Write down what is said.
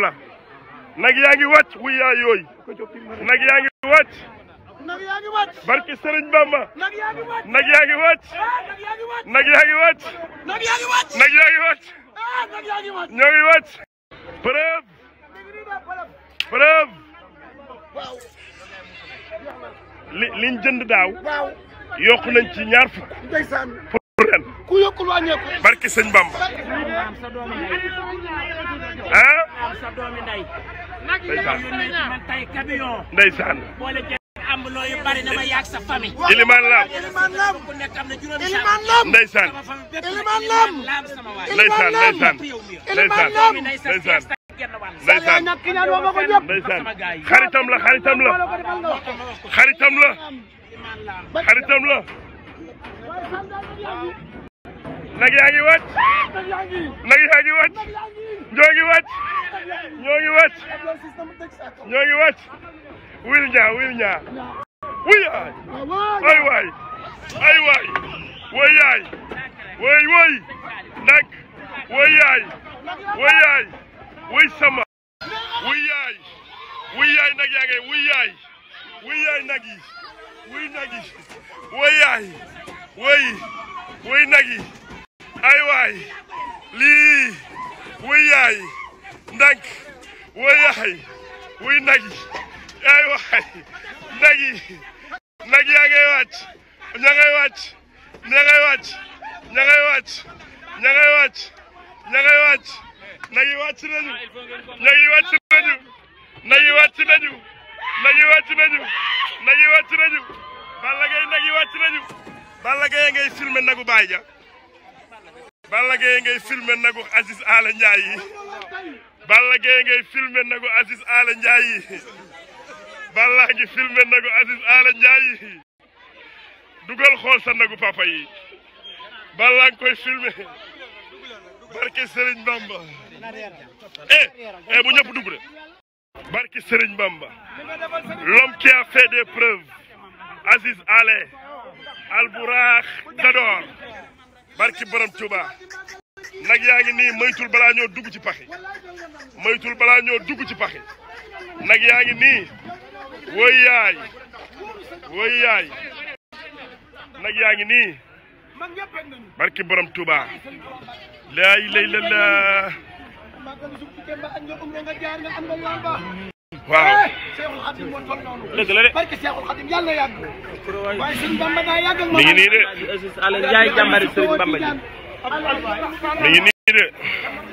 la nag yaa ngi wàcc wuy yaa yooyu nag yaa ngi wàcc nag yaa ngi wàcc barki Bamba nag yaa ngi wàcc nag yaa ngi wàcc nag yaa ngi wàcc nag yaa ngi wàcc nag yaa ngi li liñ jënd daaw yokku nañ ku yokkul wàññeeku. barki sëñ Bamba. ah. ndeysaan. ndeysaan. am looyu bari na ma yàgg sa famille Iliman Lam Iliman xaritam la xaritam la xaritam la nag yaa ngi wàcc. nag yaa ngi wàcc. ñoo ngi wàcc. ñoo ngi wàcc. ñoo ngi wàcc. wil ñaa wil ñaa. wuy ay. ay waay. ay waay. woy yaay. woy woy. nag. woy yaay. woy yaay. woy sama. wuy yaay. wuy yaay nag yaa ngi wuy yaay. wuy yaay nag yi. wuy nag yi. woy yaay. woy woy nag yi. ay waay lii wuy yaay ndànk wuy yaay wuy nag yi ay waay nag yi nag yaa ngay wàcc ña ngay wàcc ña ngay wàcc ña ngay wàcc ña ngay wàcc ña ngay wàcc nag yi wàcc nañu nag yi wàcc nañu nag yi wàcc nañu nag yi wàcc nañu nag yi wàcc nañu Balla Gaye nag yi wàcc nañu Balla Gaye ngay filmé nagu baay ja Balla Gaye ngay filmer nagu Aziz Ala Ndiaye yi Balla Gaye ngay nagu Aziz Ala Ndiaye yi Balla ngi nagu Aziz Ala Ndiaye dugal xool sa nagu papa yi Balla ngi koy filmer barke Serigne Bamba eh eh bu ñëpp dugg de barke Serigne Bamba l'homme qui a fait des preuves Aziz Ale Albourakh Dador barki borom Touba nag yaa ngi nii maytul balaa ñoo dugg ci pax yi maytul balaa ñoo dugg ci paxe nag yaa ngi nii woy yaay woy nag yaa ngi nii barki borom Touba laa yi lay la waaw eh, Seexul Xadim moo toll noonu. dëgg la de barke Seexul Xadim yàlla na yàgg. waaye Sëriñ Bamba daa yàggal ma. mi ngi nii de. Alioune Ndiaye jàmbari Sëriñ Bamba ji mi ngi nii de.